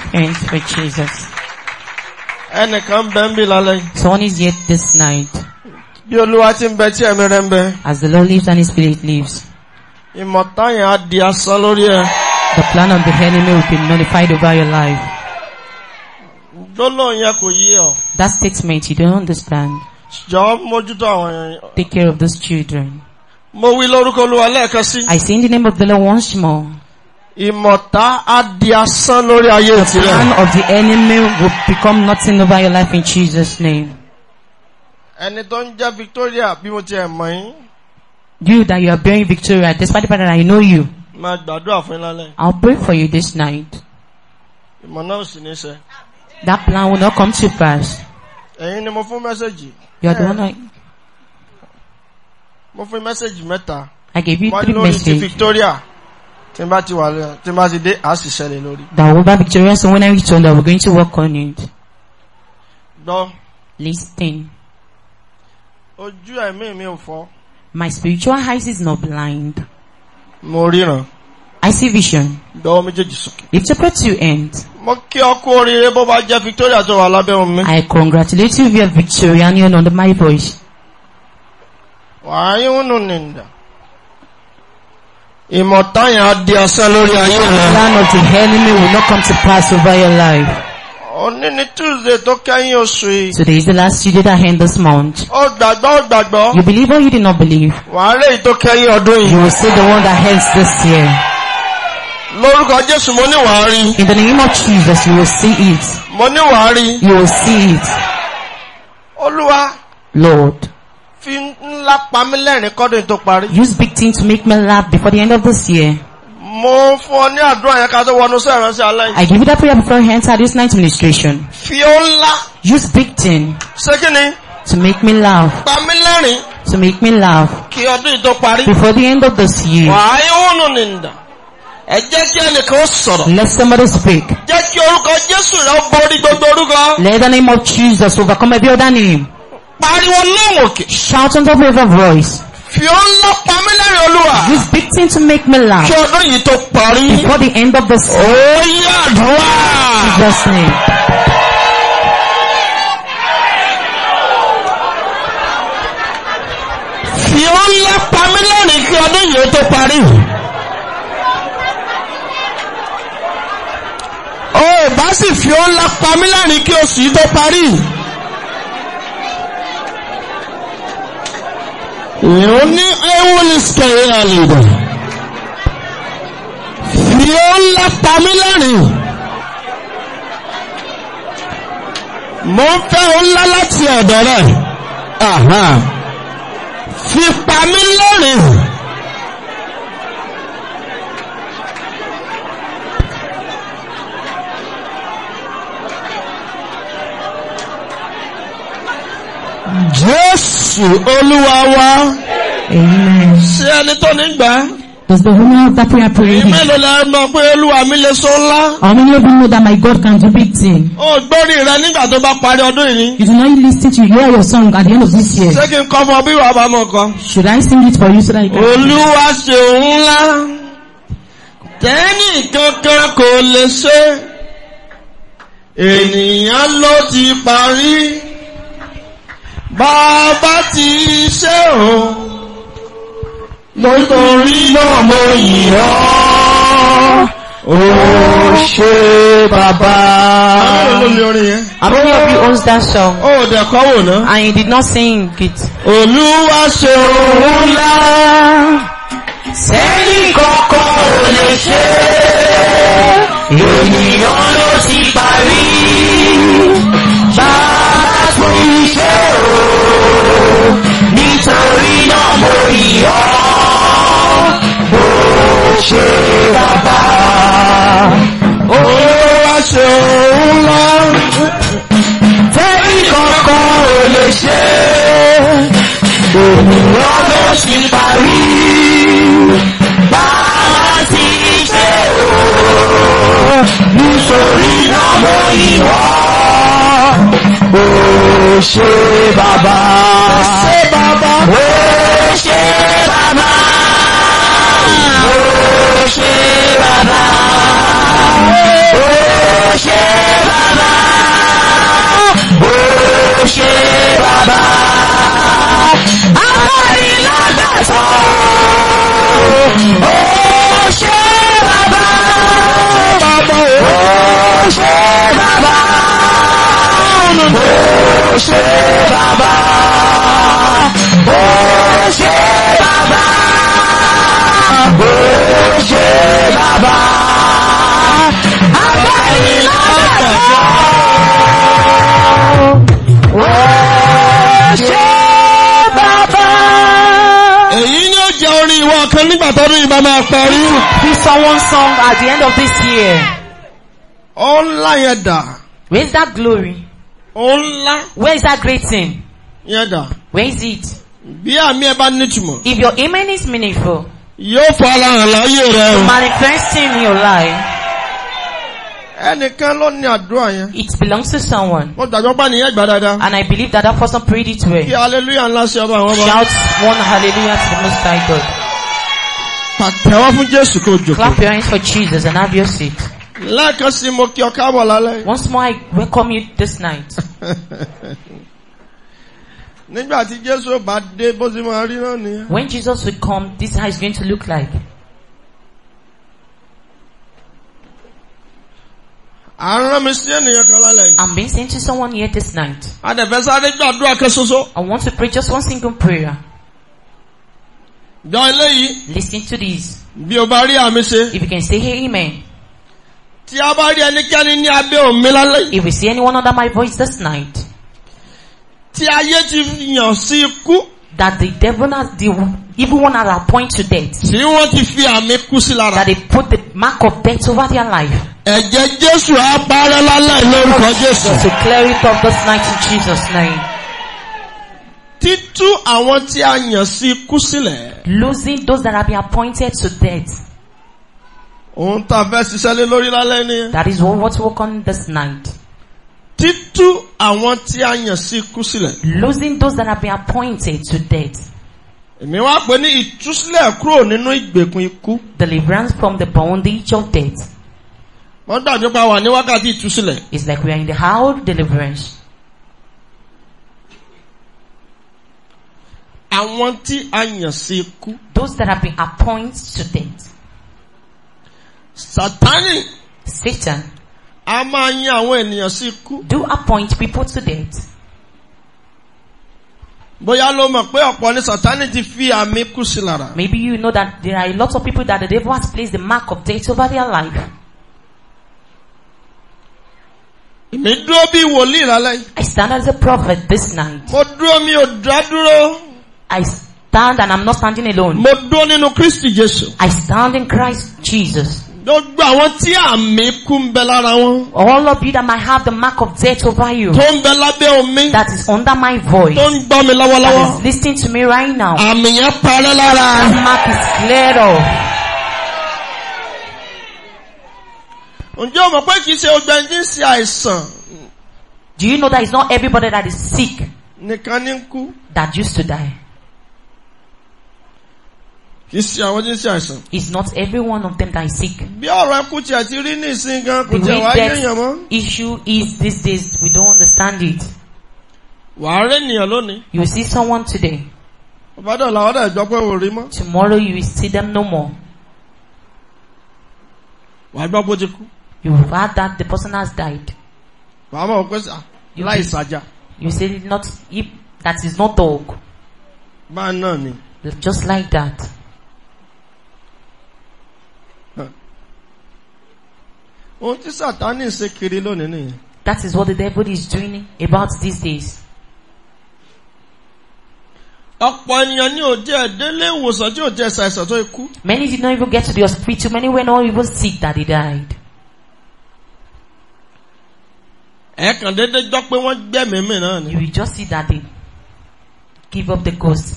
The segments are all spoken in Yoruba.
Friends for Jesus. Ẹnìkan bẹ́ ń bí lálẹ́. Someone is yet this night. Bí Olúwa ti ń bẹ tí ẹ̀mí rẹ̀ ń bẹ. As the Lord lives and his spirit lives. Ìmọ̀tán yẹn á di asán lórí ẹ. The plan of the enemy will be nullified over your life. Gbólóhùn yẹn kò yé ọ. That statement you don't understand. Jọ̀wọ́ mójútó àwọn yẹn. Take care of those children. Mo wí lórúkọ Olúwa lẹ́ẹ̀kan sí. I say in the name of the Lord once more. Ìmọ̀tá á di asán lórí ayé ìtìlẹ̀. The plan of the enemy will become nothing over your life in Jesus' name. Ẹni tó ń jẹ́ Victoria bí mo ti ẹ̀ mọ̀ yín. You that you are bearing Victoria despite the fact that I know you. Máa gbàdúrà fún yín lálẹ́. I'll pray for you this night. Ìmọ̀ náà ò sì ní ṣẹ. That plan will not come to pass. Ẹ̀yin ni mo fún mẹ́sẹ̀gì. You are the one I. Mo fún mẹ́sẹ̀gì mẹ́ta. I gave you three messages. Wọ́n lórí ti Victoria tí n bá ti wà tí dé a sì ṣẹlẹ̀ lórí. that will be victorious so when I reach London we are going to work on it. gbọ́. listen. ojú ẹ̀mí mi ò fọ́. my spiritual eyes is not blind. mo ríran. I see vision. Dọ́wọ́ méjèèjì sókè. Lift up your two hands. Mo kí ọ kú oríire bó bá jẹ́ Victoria tó wà lábẹ́ omi. I congratulate you if Victoria and you are not voice. Wàá yín nù nìyà. ìmọ̀tán yẹn á di asán lórí ayé rẹ. the plan of the enemy will not come to pass over your life. Òní ni Tuesday tó kẹ́yìn oṣù yìí. Today is the last Tuesday that end this month. Ó gbàgbọ́ ó gbàgbọ́. You believe or you did not believe? Wàá lè tó kẹ́yìn ọdún yìí. You will see the one that ends this year. Lórúkọ Jésù mo ní wàá rí. In the name of Jesus you will see it. Mo ní wàá rí. You will see it. Olúwa. Lord. fi ńlá pa lẹ́rìn kọ́dún tó parí. use big thing to make me laugh before the end of this year. Mo fún ọ ní àdúrà yẹn ká tó wọnú sí ìránṣẹ́ alẹ́ yìí. I give you that prayer before you enter this night ministration. Fi ó ńlá. Use big thing. Ṣé kí ni? To make me laugh. Pa lẹ́rìn. To make me laugh. Kí ọdún ìtó parí. Before the end of this year. Wàá ìwúnú ni ǹdà. Ẹ jẹ́ kí ẹnìkan ó sọ̀rọ̀. Let somebody speak. Jẹ́ kí orúkọ Jésù rẹ̀ borí gbogbo orúkọ. Let the name of Jesus overcome every other name. Pariwo lóhùn òkè. Shout on top of your voice. Fi ó ńlá pa mí lẹ́rìn olúwa. Use big thing to make me laugh. Kí ọdún yìí tó parí. Before the end of this year. Ó yàdúrà. Jesus name. ìyẹn ó ńlá pa mí lónìí kí ọdún yìí tó parí. ó bá sì fi ó ńlá pa mí lónìí kí oṣù yìí tó parí. Leonie Ewoliske Alida. Fi ó ńlá pa mí lẹ́rìn. Mo ń fẹ́ ó ńlá láti ọ̀dọ̀ rẹ̀. Fi pa Jésù Olúwa wa. Ṣé ẹni tó ní gbà? Does the woman that we are praying? Ìmẹ́lò la mọ̀ pé Olúwa mi lè so ńlá. How many of you know that my God can do big things? O gbórí rẹ nígbà tó bá parí ọdún yìí. You do not listen to hear your song at the end of this year. Ṣé kí n kọ́ fún ọ bí wàá bá mọ̀ kan? Should I sing it for you so that you can? Olúwa ṣe ńlá. Tẹ́nì kankan kò lè ṣe. Ènìyàn ló ti parí bàbá ti ṣe o nítorí náà mo Baba. ọ́ ó ṣe bàbá. Abẹ́rẹ́ of you owns that song. Oh, they are common, no? And he did not sing it. Olúwa ṣe òun ńlá. Sẹ́yìn kọ́kọ́ ò lè ṣe. Ènìyàn ló ti parí. lórí ọ́ bó ṣe bàbá olówó ṣe òun lọ tẹ́lí kankan ò lè ṣe òmùrọ̀ ló ṣì parí bá a ti ṣe òun nítorí náà ṣe bàbá ó ṣe bàbá ó ṣe bàbá ó ṣe bàbá akọ́nilágbàtọ́ ó ṣe bàbá ó ṣe bàbá ó ṣe bàbá bó ṣe bàbá bó ṣe bàbá abẹ́yìn lọ́dọ̀ bó ṣe bàbá. èyí ni ó jẹ́ orin ìwọ kan nígbà tọ́dún yìí This is one song at the end of this year. ọ̀la yada. Where is that glory? ọ̀la. Where is that great thing? Yada. Where is it? bí àmì ẹ bá nítumọ̀. if your amen is meaningful. yóò fara hàn láyé rẹ o. manifest in your life. ẹnìkan ló ní àdúrà yẹn. it belongs to someone. mo gbàgbọ́ pa nìyẹn gbà dáadáa. and I believe that that person prayed it well. kí hallelujah ńlá sí ọba àwọn ọba. shout one hallelujah to the most high God. pàtẹ́wọ́ fún Jésù kó jòkó. clap your hands for Jesus and have your seat. lẹ́ẹ̀kan sí mo kí ọ káàbọ̀ lálẹ́. once more I welcome you this night. Nígbà tí Jésù bá dé bó ṣe máa rí náà nìyẹn. When Jesus will come, this is going to look like. À ń rán mi sí ènìyàn kan lálẹ́ yìí. I'm being sent to someone here this night. Adẹ̀fẹ́ sáré gbàdúrà kan ṣoṣo. I want to pray just one single prayer. Jọ eléyìí. Listen to this. Bí o bá rí àmì ṣe. If you can say hey, amen. Tí a bá rí ẹnikẹ́ni ní abẹ́ òmìnira lẹ́yìn. If we see anyone under my voice this night tí ayé ti yàn sí ikú. that the devil has the evil one has appoint to death. tí wọ́n ti fi àmì kú sí lára. that they put the mark of death over their life. ẹ̀jẹ̀ Jésù á parẹ́ lálẹ́ lórúkọ Jésù. just declare it up this night in Jesus name. títú àwọn tí a yàn sí ikú sílẹ̀. losing those that have been appointed to death. ohun tá a fẹ́ ṣiṣẹ́ lé lórí lálẹ́ ni. that is what we work on this night títú àwọn tí a yàn sí ikú sílẹ̀. losing those that have been appointed to death. èmi wá pè ní ìtúsílẹ̀ kúrò nínú ìgbèkùn ikú. deliverance from the bondage of death. wọ́n dàjọ́ pa wà ní wákàtí ìtúsílẹ̀. it's like we are in the hour of deliverance. àwọn tí a yàn sí ikú. those that have been appointed to death. Satani. Satan a máa yan àwọn ènìyàn sí ikú. do appoint people to death. bóyá ló mọ̀ pé ọ̀pọ̀ ni sátánì ti fi àmì kú sí lára. maybe you know that there are a lot of people that the devil has placed the mark of death over their life. Èmi dúró bí wòlíì lálẹ́. I stand as a prophet this night. Mo dúró mi ò dá dúró. I stand and I'm not standing alone. Mo dúró nínú Kristi Jésù. I stand in Christ Jesus. Gbogbo àwọn tí àmì kú ń bẹ lára wọn. All of you that might have the mark of death over you. Tó ń bẹ lábẹ́ omi. That is under my voice. Tó ń gbọ́ mi lọ́wọ́lọ́wọ́. That is listening to me right now. Àmì yẹn parẹ́ lára. That mark is clear. off. Ǹjẹ́ o mọ̀ pé kìí ṣe ọgbẹ́ ẹni ṣe àìsàn? Do you know that it's not everybody that is sick? Nìkan ní kú. That used to die. Kì í ṣe àwọn tí ń ṣe àìsàn. It's not every one of them that is sick. Bí ọ̀rọ̀ ẹkú tí a ti rí ní ìsìn gan kò jẹ́ wáyé èèyàn mọ́. The way that issue is these days we don't understand it. Wàá rí ènìyàn lónìí. You see someone today. Ọbádọ̀ làwọn ọ̀dà ìgbọ́ pé wò rí mọ́. Tomorrow you will see them no more. Wàá gbọ́ bó ti kú. You have heard that the person has died. Wàá mọ̀ pé láì sàjà. You say not if that is not dog. Báà náà ni. Just like that. ohun tí sátánì ṣe kiri lónìí nìyẹn. that is what the devil is doing about these days. ọ̀pọ̀ ènìyàn ní òde ẹ̀dẹ́lé ìwòsàn tí ò jẹ́ ṣàìsàn tó ikú. many did not even get to the hospital many were not even sick that they died. ẹ kàn déédéé gbọ́ pé wọ́n gbẹ̀mí mi náà ni. you will just see that they give up the ghost.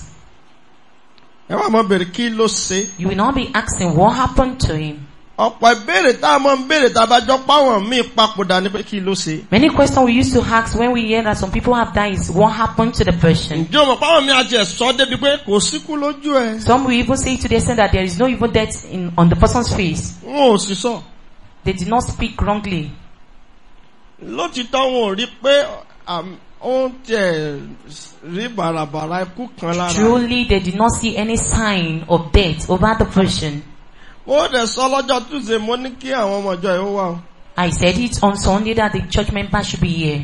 ẹ wá mọ bèrè kí ló ṣe. you will not be asking what happened to him ọ̀pọ̀ ìbéèrè tá a máa ń béèrè tá a bá jọ páwọn míì papòdà ní pé kí ló ṣe. many questions we used to ask when we hear that some people have died is what happened to the person. ǹjẹ́ ọmọ páwọn mi àti ẹ̀sọ́ débi pé kò síkú lójú ẹ̀. some will even say to the extent that there is no even death in, on the person's face. wọn ò sì sọ. they did not speak wrongly. lótìtọ́ wọn ò rí pé um, ó tẹ̀ rí bàràbàrà ikú kan lára. truly they did not see any sign of death over the person dẹ̀ sọ lọ́jọ́ túnṣe mo ní kí àwọn ọmọ ìjọ yìí wá I said it on Sunday that the church members should be here.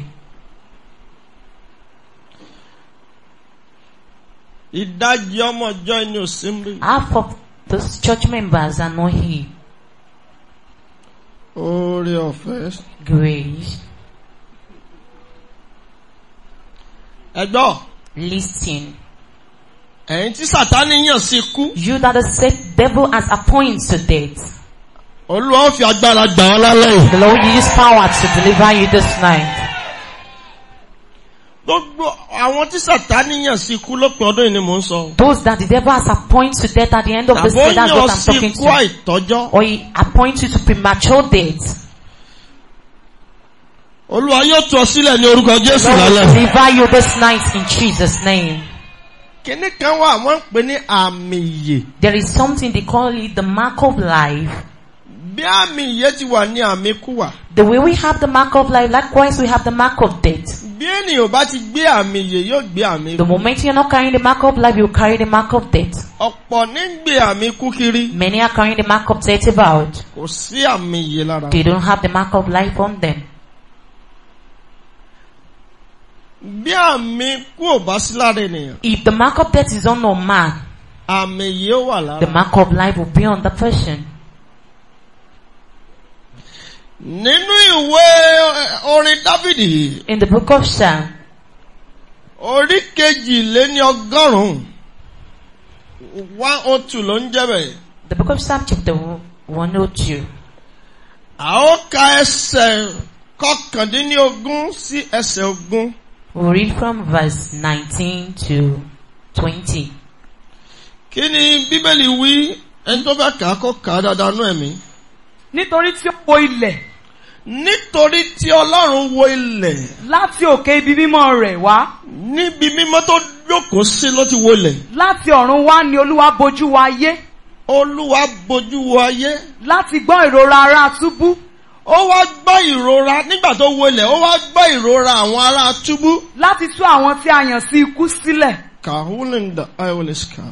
Ìdajì ọmọ ìjọ ni ò sí mbí. Half of those church members are not here. Oore ọ̀fẹ́. Grace. Ẹ gbọ́. Listen ẹ̀yin tí sàtánì yàn sí kú. you that the same devil has appointed to death. olúwa ó fi agbára gbà ọ́ lálẹ́ yìí. the lord will use power to deliver you this night. Gbogbo àwọn tí Sàtánì yàn sí ikú lópin ọdún yìí ni mò ń sọ. Those that the devil has appointed to death at the end of this day, that's what I'm talking to. Àbóyàn sí ikú àìtọ́jọ́. Or he appoints you to premature death. Olúwa yóò tú ọ sílẹ̀ ní orúkọ Jésù lálẹ́. Lord, deliver you this night in Jesus' name. Kìnní kan wà wọ́n ń pè ní àmì ìyè. There is something they call it the mark of life. Bí àmì ìyè ti wà ní àmì ikú wà. The way we have the mark of life, likewise we have the mark of death. Bí ènìyàn bá ti gbé àmì ìyè yóò gbé àmì ikú. The moment you are not carrying the mark of life, you carry the mark of death. Ọ̀pọ̀ ní gbé àmì ikú kiri. Many are carrying the mark of death about. Kò sí àmì ìyè lára. They don't have the mark of life on them. Bí àmì kú ò bá sí lára ènìyàn. If the mark of death is on a man. Àmì yìí wà lára. The mark of life will be on the person. Nínú ìwé orin Dávìdì. In the book of Psalm. Orí kejì lé ní ọgọ́rùn-ún. One oh two ló ń jẹ́ bẹ́ẹ̀. The book of Psalm chapter one oh two. A ó ẹsẹ̀ kọkàndínlógún sí ẹsẹ̀ ogún. We'll read from verse 19 to 20. Kí ni Bíbélì wí ẹni tó bá kà á kó kà á dáadáa nú ẹ̀mí? Nítorí tí ó wo ilẹ̀. Nítorí tí Ọlọ́run wo ilẹ̀. Láti òkè ibi mímọ́ rẹ̀ wá. Níbi mímọ́ tó jókòó sí ló ti wo ilẹ̀. Láti ọ̀run wá ni Olúwa bojú wa ayé. Olúwa bojú wa ayé. Láti gbọ́ ìrora ara túbú ó wá gbọ́ ìrora nígbà tó wọlé ó wá gbọ́ ìrora àwọn ará túbú. láti tú àwọn tí a yàn sí ikú sílẹ̀. kahulinda ioliska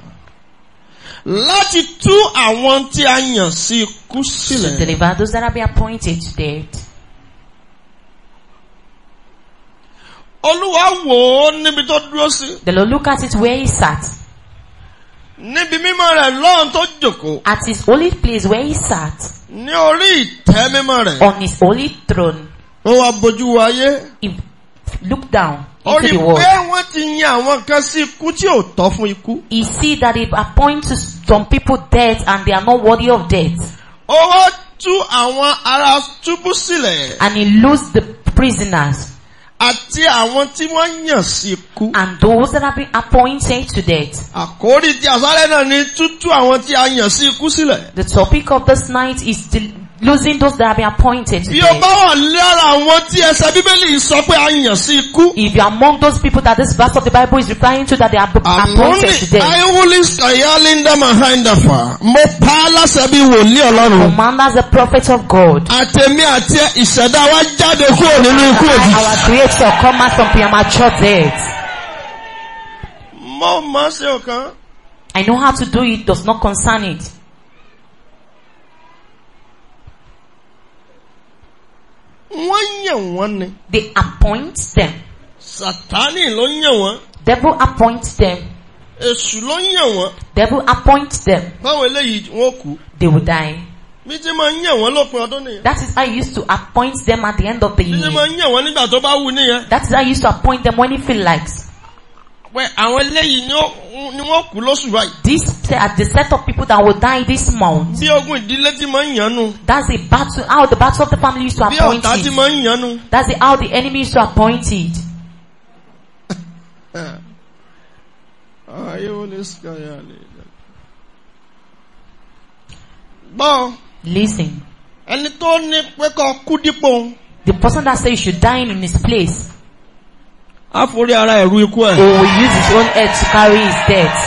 láti tú àwọn tí a yàn sí ikú sílẹ̀. to deliver those that have been appointed to death. olúwa wò ó níbi tó dúró sí. the Lord look at it where he sat. níbi mímọ́ rẹ̀ lọ́run tó jókòó. at his holy place where he sat ní orí ìtẹ́ mímọ́ rẹ̀. on his holy throne. ó wá bojú ayé. he looked down into the world. ó pé wọ́n ti yan àwọn kan sí ikú tí ò tọ́ fún ikú. he see that he appoint some people death and they are not worthy of death. ó wá tú àwọn ará túbú sílẹ̀. and he loosed the prisoners àti àwọn tí wọ́n yàn sí ikú. and those that have been appointed to death. àkórí ti àṣálẹ́ náà ni tútú àwọn tí a yàn sí ikú sílẹ̀. the topic of this night is losing those that have been appointed. Bí o bá wà lára àwọn tí ẹsẹ̀ Bíbélì sọ pé a yàn sí ikú. If you are among those people that this verse of the Bible is referring to that they are appointed to Àmúni Aiwulis Ayalinda Mahandafa, mo pa á láṣẹ bí wòlíì Ọlọ́run. Command as the prophet of God. Àtẹ̀mí àti ìṣẹ̀dá wa jáde kúrò nínú ikú òjijì. Our creator come out from premature death. Mo máa ṣe ọ̀kan. I know how to do it does not concern it. Wọ́n yàn wọ́n ni. They appoint them. Sàtánì ló yàn wọ́n. Devil appoints them. Èṣù ló yàn wọ́n. Devil appoints them. Báwo eléyìí wọ́n kú? They will die. Mi ti máa ń wọ́n lópin ọdún nìyẹn. That is how I used to appoint them at the end of the year. Mi ti máa ń wọ́n nígbà tó bá wù nìyẹn. That is how I used to appoint them when he feel likes pé àwọn eléyìí ni wọ́n kú lóṣù báyìí. these are uh, the set of people that will die this month. bí ogun ìdílé ti máa ń yànnu. that's the battle how the battle of the family is to appoint bí ọ̀tá ti máa ń yànnu. that's the how the enemy is to appoint gbọ́. listen. ẹni tó ní pé kó kú dípò. the person that say you should die in his place á forí ara ẹ̀rú ikú ẹ̀. he will use his own head to carry his death.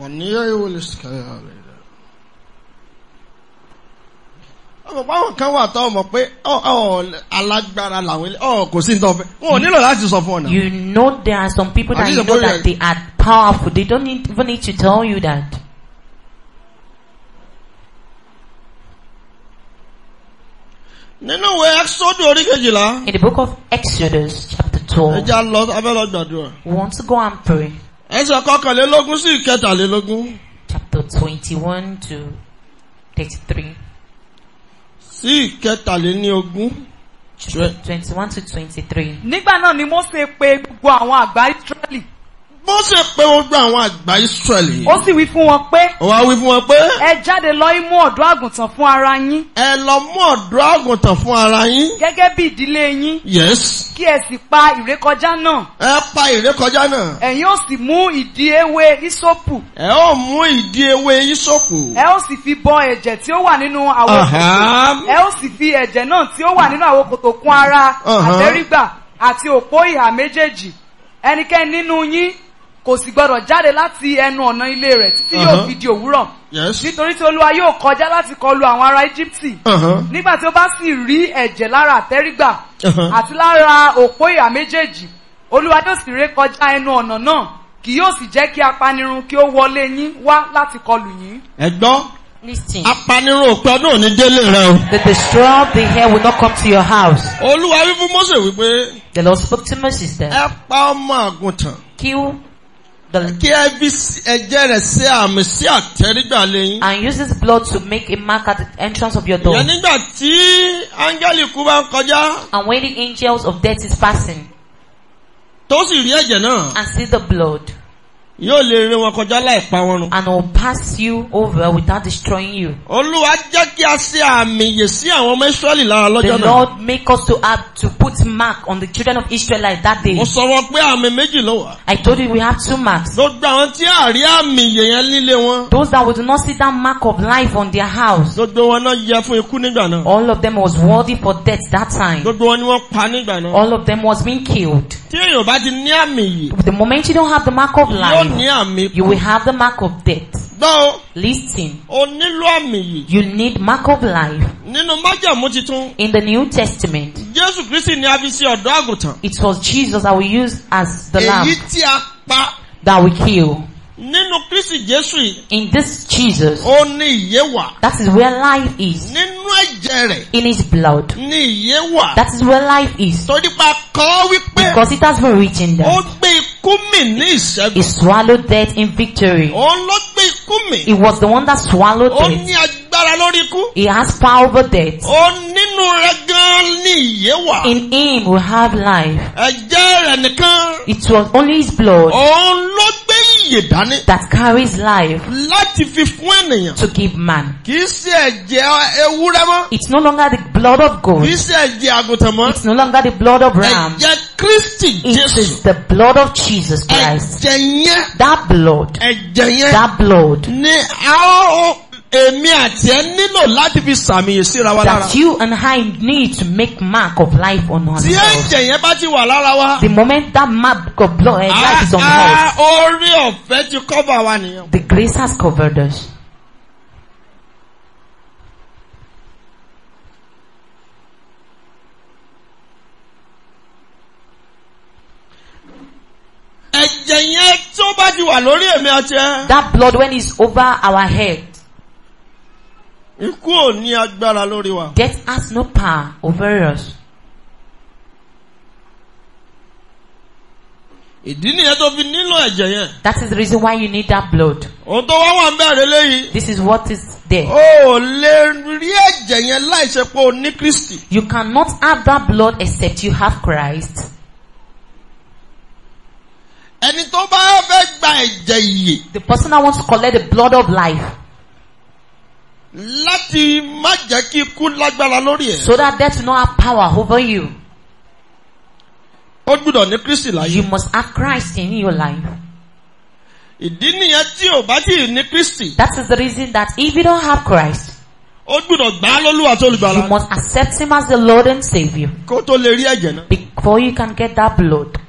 wàníyá ìwé lè ṣàkàyà rẹ̀. ọmọ báwọn kan wà tó mọ̀ pé alágbára làwọn ilé ọ̀ kò sí nǹkan wọn ò nílò láti sọ fún ọ̀nà. you know there are some people that you know that they are powerful they don't even need to tell you that. Nínú ìwé Exodus orí kejìlá. In the book of Exodus chapter twelve. Ẹ jẹ́ lọ abẹ́ lọ gbàdúrà. We want to go and pray. Ẹsẹ̀ kọkànlélógún sí ìkẹtàlélógún. Chapter twenty-one to thirty-three. Sí ìkẹtàléníogún. Twenty-one to twenty-three. Nígbà náà ni Mósè pe gbogbo àwọn àgbà Ísírẹ́lì bó ṣe pé gbogbo àwọn àgbà Ísírẹ́lì. ó sì wí fún wọn pé. ó wá wí fún wọn pé. ẹ jáde lọ imú ọ̀dọ́ àgùntàn fún ara yín. ẹ lọ mú ọ̀dọ́ àgùntàn fún ara yín. gẹ́gẹ́ bí ìdílé yín. yes. kí ẹ sì pa ìrékọjá náà. ẹ pa ìrékọjá náà. ẹ̀yin ó sì mú ìdí ewé ìsopù. ẹ ó mú ìdí ewé ìsopù. ẹ ó sì fi bọ ẹ̀jẹ̀ tí ó wà nínú àwo kòtò. ẹ ó sì fi ẹ̀jẹ̀ náà tí ó wà nínú àwo kòtò kún ara àtẹ́rígbà àti òpó ìhà méjèèjì ẹnikẹ́ni nínú yín kò sì gbọdọ̀ jáde láti ẹnu ọ̀nà ilé rẹ̀ títí yóò uh-huh. fi di òwúrọ̀ nítorí tí olúwa yóò kọjá láti kọlu àwọn ará íjíbítì uh-huh. nígbà tí ó bá sì rí ẹ̀jẹ̀ lára àtẹ́rígbà uh-huh. àti lára òpó ìhà méjèèjì olúwa yóò sì ré kọjá ẹnu ọ̀nà náà kì yóò sì jẹ́ kí apanirun kí ó wọlé yín wá láti kọlù yín. ẹ gbọ́ Apanirun òpin ọdún òní délé rẹ o. The destroyer of the hair will not come to your house. Olúwa wí fún Mósè wípé. The Lord spoke to Moses then. Ẹ pa ọmọ àgùntàn. Kill the. And use this blood to make a mark at the entrance of your door. And when the angels of death is passing. Tó sì rí ẹ̀jẹ̀ náà. And see the blood yóò lè ré wọn kọjá láì pa wọn run. and will pass you over without destroying you. olúwa jẹ́ kí a ṣe àmì sí àwọn ọmọ israẹli lára lọ́jọ́ náà. the lord make us to have to put mark on the children of israelites that day. mo sọ wọn pé àmì méjì ló wà. I told you we have two marks. gbogbo àwọn tí a rí yẹn líle wọn. those that would not see that mark of life on their house. gbogbo wọn náà yẹ fún ikú nígbà náà. all of them was worthy for death that time. gbogbo wọn ni wọ́n pa nígbà náà. all of them was being killed. tí èèyàn bá ti ní àmì yìí. the moment you don't have the mark of life. You will have the mark of death. Gbọ́. Listen. O nílò àmì yìí. You need mark of life. Nínú májẹ̀mú titun. In the New Testament. Jésù Kristi ni a fi ṣe ọ̀dọ́ àgùntàn. It was Jesus that we used as the lamb. Èyí tí a pa. That we kill. Nínú Kristi Jésù yìí. In this Jesus. Ó ní ìyè wà. That is where life is. Nínú ẹ̀jẹ̀ rẹ̀. In his blood. Ní ìyè wà. That is where life is. Torí pa kọ́ wípé. Because it has been written there. Ó gbé ikú mì ní ìṣẹ́gun. He swallowed death in victory. Òun ló gbé ikú mì. He was the one that swallowed death. Ó ní agbára lórí ikú. He has power over death. Ó nínú rẹ̀ gan ní ìyè wà. In him we have life. Ẹ̀jẹ̀ rẹ̀ nìkan. It was only his blood. Òun ló gbé that carries life. to give man. it's no longer the blood of God. it's no longer the blood of ram. it is the blood of Jesus Christ. that blood. that blood. Èmi àti ẹ nílò láti fi sàmì síra wa lára. That you and I need to make mark of life on ourselves. Tí ẹ̀jẹ̀ yẹn bá ti wà lára wa. The moment that mark of blood eh, and ah, life is on us. Ah, orí ọ̀fẹ́ ti cover wa nìyẹn. The grace has covered us. Ẹ̀jẹ̀ yẹn tó bá ti wà lórí èmi àti ẹ. That blood when it's over our head. Ikú ò ní agbára lórí wa. Death has no power over us. Ìdí nìyẹn tó fi nílò ẹ̀jẹ̀ yẹn. That is the reason why you need that blood. Ohun tó wá wà ń bẹ̀rẹ̀ léyìí. This is what is there. O lè rí ẹ̀jẹ̀ yẹn láìṣe pé o ní Kristi. You cannot have that blood except you have Christ. Ẹni tó bá fẹ́ gba ẹ̀jẹ̀ ìyè. The person that wants to collect the blood of life láti má jẹ́ kí ikú lágbára lórí ẹ̀. so that death no have power over you. ó gbúdọ̀ ní Kristi láyé. you must have Christ in your life. ìdí nìyẹn tí o bá tí ní Kristi. that is the reason that if you don't have Christ. ó gbúdọ̀ gbà á tó olùgbàlà. you must accept him as the Lord and Saviour. kó tó lè rí ẹ̀jẹ̀ náà. before you can get that blood.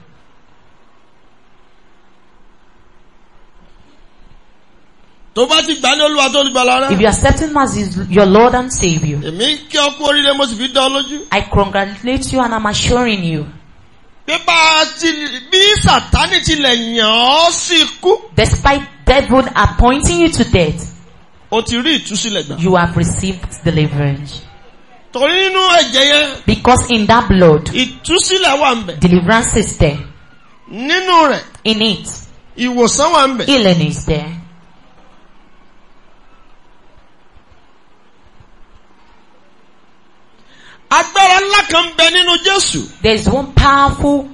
tó bá ti gbà ní olúwa tó olùgbàlà rẹ. if you are accepting as your lord and saviour. èmi kí ọ oríire mo sì fi dán ọ lójú. I congratulate you and I'm assuring you. bí bá a ti bí sàtánì tilẹ̀ yàn ọ́ sí ikú. despite devil appointing you to death. o ti rí ìtúsílẹ̀ gbà. you have received deliverance. torí nínú ẹ̀jẹ̀ yẹn. because in that blood. ìtúsílẹ̀ wà ń deliverance is there. nínú rẹ̀. in it. ìwòsàn wà ń healing is there. agbára ńlá kan bẹ nínú Jésù. there is one powerful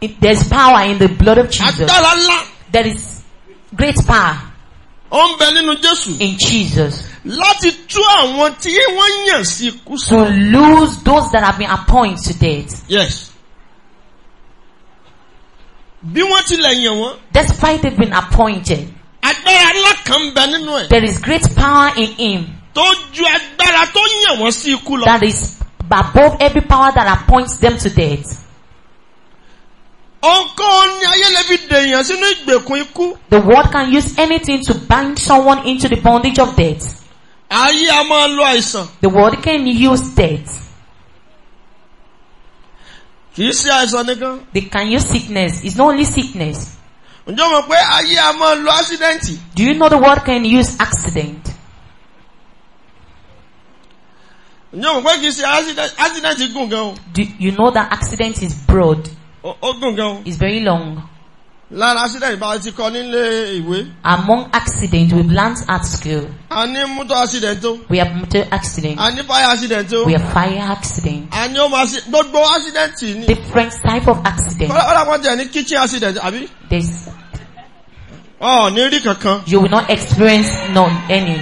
there is power in the blood of Jesus. agbára ńlá. there is great power. ó ń bẹ nínú Jésù. in Jesus. láti tú àwọn tí wọ́n yàn sí ikú to lose those that have been appointed to death. yes. bí wọ́n tilẹ̀ yàn wọ́n. despite they've been appointed. agbára ńlá kan bẹ nínú ẹ̀. there is great power in him tó ju agbára tó yàn wọ́n sí ikú lọ. that is above every power that appoints them to death. Ọkàn ni ayé dèèyàn sínú ìgbèkùn ikú. The word can use anything to bind someone into the bondage of death. Ayé a máa lo àìsàn. The word can use death. Kì í ṣe àìsàn nìkan. They can use sickness. It's not only sickness. Ǹjẹ́ o mọ̀ pé ayé a máa lo accident? Do you know the word can use accident? ǹjẹ́ o pé kì accident gùn gan o. do you know that accident is broad. ó gùn gan o. it's very long. lára accident bá ti kọ́ nílé ìwé. among accidents, we learnt at school. a ní motor accident o. we have motor accident. a ní fire accident o. we have fire accident. a ní ọmọ accident gbogbo accident ni. different type of accident. kọ́lá wọn jẹ́ ní kitchen accident àbí. there is. ọ̀ ní rí kankan. you will not experience none any.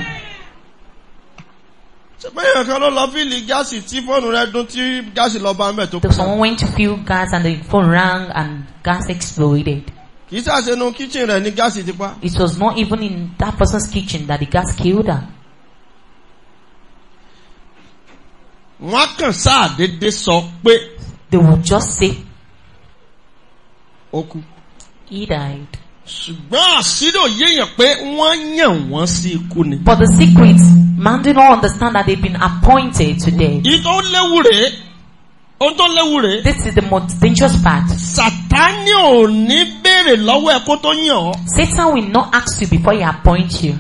Ṣèpéyàn kan ló lọ fíìlì gáàsì tí fóònù rẹ̀ dún tí gáàsì lọ bá ń bẹ̀ tó kú. Someone went to fill gas and the phone rang and gas exploded. Kì í ṣàṣẹnu kitchen rẹ̀ ní gáàsì ti pa. It was not even in that person's kitchen that the gas killed her. Wọ́n kàn sáà dédé sọ pé. They would just say. "Oku." He died ṣùgbọ́n àṣírí òye pé wọ́n yàn wọ́n sí ikú ni. but the secret man do not understand that they have been appointed to death. ìtọ́ léwu rèé ohun tó léwu rèé. this is the most dangerous part. Sátánì ò ní béèrè lọ́wọ́ ẹ kó tó yàn ọ́. Satan will not ask you before he appoint you.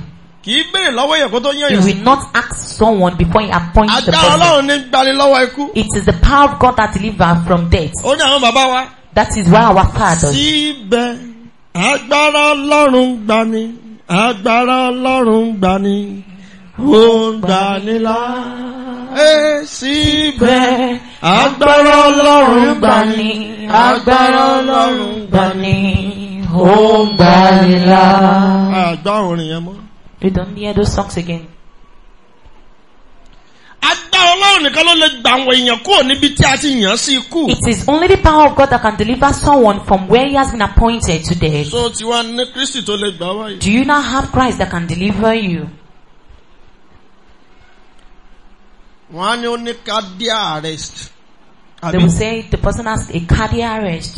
Kì í béèrè lọ́wọ́ èèyàn kó tó yàn yàn. He will not ask someone before he appoints the person. Agbára Ọlọ́run ní gbani lọ́wọ́ ikú. It is the power of God that delivers from death. Ó ní àwọn bàbá wa. That is why our father. Síbẹ̀ agbára ọlọ́run gbani agbára ọlọ́run gbani ó ń gbani là síbẹ̀ agbára ọlọ́run gbani agbára ọlọ́run gbani ó ń gbani là. àgbà orin yẹn mọ́. We don't hear those songs again. Ọlọ́run nìkan ló lè gbà àwọn èèyàn kúrò níbi tí a ti yàn sí ikú. It is only the power of God that can deliver someone from where he has been appointed to death. So tiwa ní Kristi tó lè gbà wáyé. Do you not have Christ that can deliver you? Wọ́n á ní ó ní cardiac arrest. They will say the person has a cardiac arrest.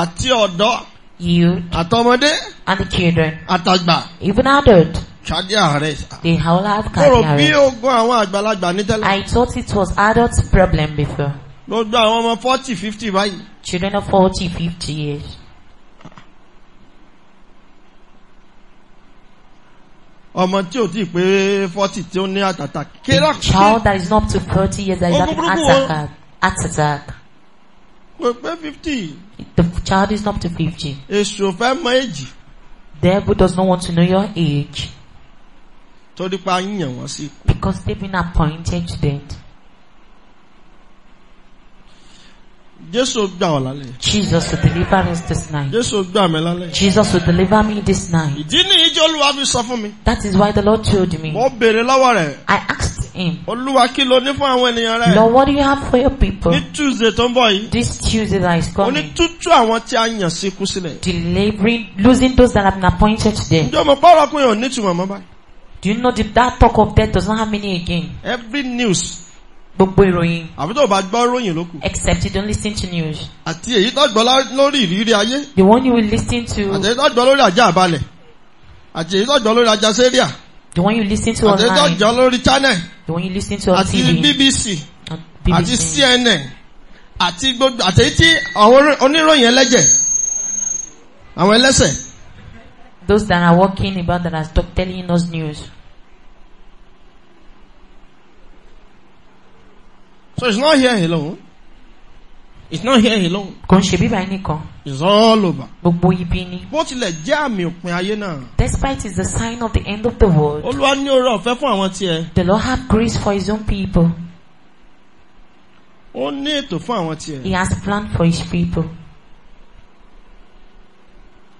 Àti ọ̀dọ́. You. Àtọmọdé. And the children. Àtàgbà. Even adult. Ṣadé ààrẹ. They have had cardiac arrest. Mo rò bí ogun àwọn àgbàlagbà ní I thought it was adult problem before. Gbogbo àwọn ọmọ forty fifty báyìí. Children of forty fifty years. ọmọ tí o ti pé forty tí ó ní heart attack. a child that is not up to thirty years that is having heart attack. heart attack. kò pé fifty. the child is not up to fifty. èso fẹ́ mọ èjì. devil does not want to know your age torí pa yíyan wọn sí ipò. because they've been appointed to death. Jésù gbà wá lálẹ́. Jesus will deliver us this night. Jésù gbà mí lálẹ́. Jesus will deliver me this night. Ìdí nìyí tí Olúwa fi sọ fún mi. That is why the Lord told me. Mo béèrè lọ́wọ́ rẹ̀. I asked him. Olúwa kí lo ní fún àwọn ènìyàn rẹ. Lord, what do you have for your people? Ní Tuesday tó ń bọ̀ yìí. This Tuesday that is coming. O ní tútú àwọn tí a yàn sí ikú sílẹ̀. Delivering losing those that have been appointed today. Ǹjẹ́ o mọ̀ kún yẹn ní ìtumọ̀ mọ́ báyìí? Do you know that that talk of death does not have meaning again? Every news. Gbogbo ìròyìn. Àfi tó o bá gbọ́ ròyìn ló kù. Except you don't listen to news. Àti èyí tó gbọ́ lórí ìrírí ayé. The one you will listen to. Àti èyí tó gbọ́ lórí ajá àbálẹ̀. Àti èyí tó gbọ́ lórí ajá sẹ́ríà. The one you listen to online. Àti èyí tó gbọ́ lórí channel. The one you listen to on TV. Àti BBC. Àti CNN. Àti gbogbo àti èyí tí àwọn oníròyìn ẹlẹ́jẹ̀. Àwọn ẹlẹ́sẹ̀ those that are walking about that are stop telling us news. So it's not here alone. It's not here alone. Kò ń ṣe bíbá ẹni kan. It's all over. Gbogbo ibi ni. Bó tilẹ̀ jẹ́ àmì òpin ayé náà. Despite it's the sign of the end of the world. Olúwa ní oore ọ̀fẹ́ fún àwọn tiẹ̀. The Lord have grace for his own people. Ó ní ètò fún àwọn tiẹ̀. He has planned for his people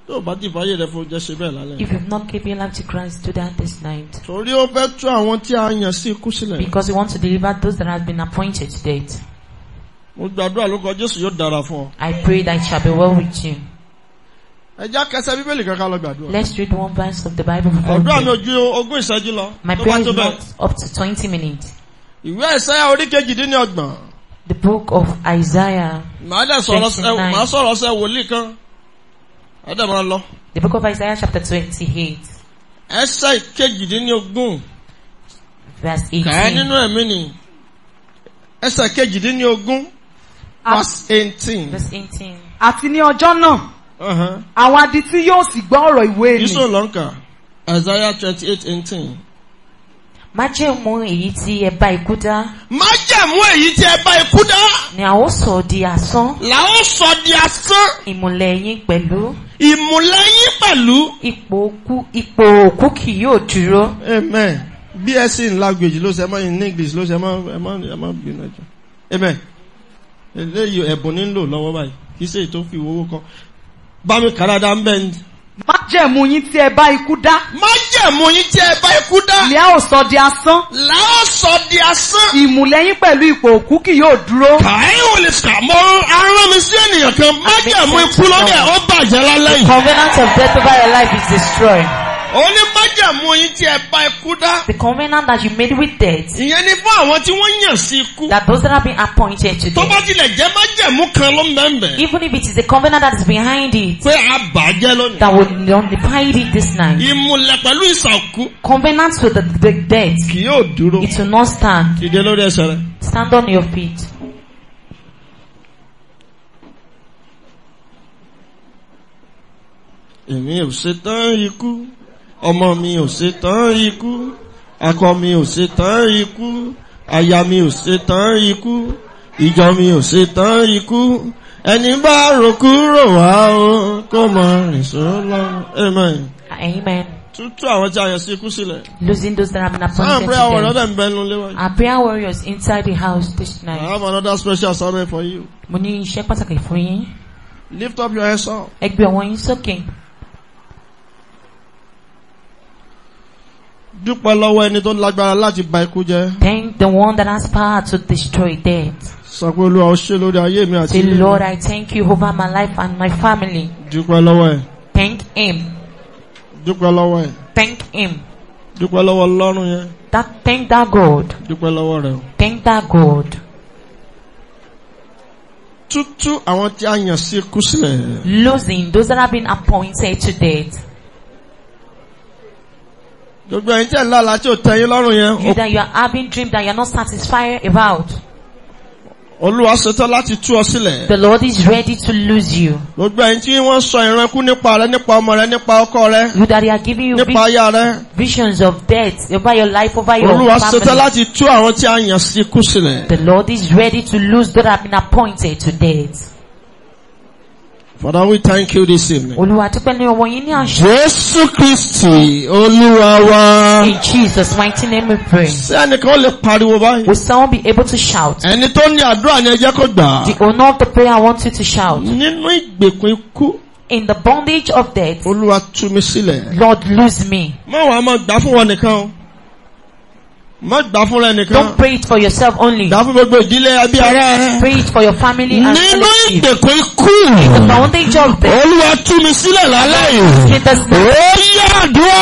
tó o bá ti fàyè rẹ fún jẹ́ ṣe bẹ́ẹ̀ lálẹ́. if you not give your life to Christ do that this night. torí ó fẹ́ tú àwọn tí a yàn sí ikú sílẹ̀. because he want to deliver those that have been appointed to date. mo gbàdúrà lórúkọ Jésù yóò dára fún ọ. I pray that it shall be well with you. ẹ já kẹsẹ bíbélì kankan lọ gbàdúrà. let's read one verse of the Bible for prayer. ọ̀dọ́ àmì ojú ogún ìṣẹ́jú lọ. my prayer is not up to twenty minutes. ìwé Àìsáyà orí kejìdínlọ́gbọ̀n. the book of Isaiah. màá dẹ̀ sọ̀rọ̀ sẹ́ kan ẹ̀dá lọ. the book of Isaiah chapter twenty-eight. ẹsẹ̀ kejìdínlógún. verse eighteen. kàá nínú ẹ̀mí ni ẹsẹ̀ kejìdínlógún. verse eighteen. verse eighteen. àti ní ọjọ́ náà. àwọn adití yóò sì gbọ́ ọ̀rọ̀ ìwé ni. yíṣọ́ lọ́nkà Isaiah twenty-eight eighteen májẹ̀mú èyí tí ẹ bá ikú dá. májẹ̀mú èyí tí ẹ bá ikú dá. ni a ó sọ di asán. là ó sọ di asán. ìmùlẹ̀ yín pẹ̀lú. ìmùlẹ̀ yín pẹ̀lú. ipò òkú ipò òkú kì yóò dúró. amen bsc in language ló ṣe mọ́ in english ló ṣe mọ́ ẹ mọ́ ẹ mọ́ bínú ẹjọ́ amen eléyìí ẹ̀bùn nílò lọ́wọ́ báyìí kì í ṣe ètò fi owó kọ́ bámi kàràdà ń bẹ́ẹ̀ májẹ̀mú yín tí ẹ bá ikú dá. májẹ̀mú yín tí ẹ bá ikú dá. là ó sọ di asán. là ó sọ di asán. ìmùlẹ́yìn pẹ̀lú ipò òkú kì yóò dúró. kàáyé ò lè kà mọ́ arán mi sí ènìyàn kan májẹ̀mú ikú lórí ó bàjẹ́ lálẹ́ yìí. the covenant of death over your life is destroyed. ó ní májẹ̀mú májẹ̀mú yín tí ẹ bá ikú dá. The covenant that you made with death. Ìyẹn ni fún àwọn tí wọ́n yàn sí ikú. That those that have been appointed to death. Tó bá tilẹ̀ jẹ́ májẹ̀mú kan ló ń bẹ̀ bẹ̀. Even if it is the covenant that is behind it. Pé a bàjẹ́ lónìí. That will divide it this night. Ìmùlẹ̀ pẹ̀lú ìsànkú. Covenant with the, the death. Kì yóò dúró. It will not stand. Ìdè lórí ẹsẹ̀ rẹ̀. Stand on your feet. Èmi ò ṣetán ikú ọmọ mi ò ṣe tán ikú akọ mi ò ṣe tán ikú aya mi ò ṣe tán ikú ìjọ mi ò ṣe tán ikú ẹni bá rò wá o kó mọ rìnsó amen. amen. Tútú àwọn tí a yàn sí ikú sílẹ̀. Losing those that have been appointed to them. Our prayer warriors dem bẹ́ẹ̀ ló léwájú. Our prayer warriors inside the house this night. I have another special assignment for you. Mo ní iṣẹ́ pàtàkì fún yín. Lift up your hands up. Ẹ gbé ọwọ́ yín sókè. dúpẹ́ lọ́wọ́ ẹni tó lágbára láti bà ikú jẹ́. thank the one that has power to destroy death. sọ pé olúwa ó ṣe lórí ayé mi àti say lord i thank you over my life and my family. dúpẹ́ lọ́wọ́ ẹ̀. thank him. dúpẹ́ lọ́wọ́ ẹ̀. thank him. dúpẹ́ lọ́wọ́ ọlọ́run yẹn. that thank that god. dúpẹ́ lọ́wọ́ rẹ̀ thank that god. tútú àwọn tí a yàn sí ikú sílẹ̀. losing those that have been appointed to death gbogbo ẹ̀yin tẹ́ lálàá tí ò yín lọ́rùn yẹn. you that you are having dream that you are not satisfied about. Olúwa ṣetán láti tú ọ sílẹ̀. The Lord is ready to lose you. Gbogbo ẹ̀yin tí wọ́n sọ ìrankú nípa rẹ, nípa ọmọ rẹ, nípa ọkọ rẹ. You that they are giving you nípa aya rẹ. Visions of death over your life, over your family. Olúwa ṣetán láti tú àwọn tí a yàn sí ikú sílẹ̀. The Lord is ready to lose those that have been appointed to death. Father, we thank you this evening. Jesus Christ, ní In Jesus mighty name we pray. Ṣé ẹnìkan lè pariwo báyìí? Will someone be able to shout? Ẹni tó ní The owner of the prayer I want you to shout. In the bondage of death. Lord lose me. Má gbà fún rẹ nìkan. Don't pray it for yourself only. Gbà fún gbogbo ìdílé ẹbí ara rẹ. Pray it for your family and family. Nínú ìgbèkùn ikú. Ìgbà wọn dé jọ bẹ́ẹ̀. Olúwa tú mi sílẹ̀ lálẹ́ yìí. Ó àdúrà.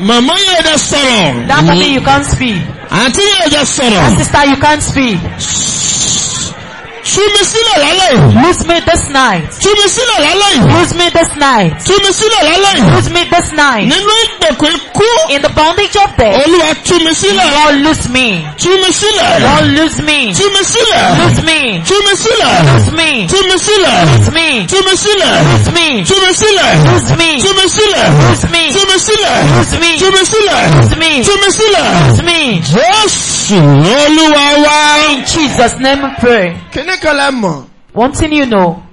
Màmá yóò dẹ sọ̀rọ̀. That mommy you can't speak. Àǹtí yóò dẹ sọ̀rọ̀. That sister you can't speak. Tú mi sílẹ̀ lálẹ́ yìí. Lose me this night. Tú mi sílẹ̀ lálẹ́ yìí. Lose me this night. Tú mi sílẹ̀ lálẹ́ yìí. Lose me this night. Nínú ìgbèkùn kú. in the bondage of death. olúwa tú mi sílẹ̀. Lord lose me. tú mi sílẹ̀. Lord lose me. tú mi sílẹ̀. lose me. tú mi sílẹ̀. lose me. tú mi sílẹ̀. lose me. tú mi sílẹ̀. lose me. tú mi sílẹ̀. lose me. tú mi sílẹ̀. lose me. tú mi sílẹ̀. lose me. tú mi sílẹ̀. lose me. tú mi sílẹ̀. lose me. Jésù olúwa wá. in Jesus name we pray. kíní kan lẹ́ mọ̀. one thing you know.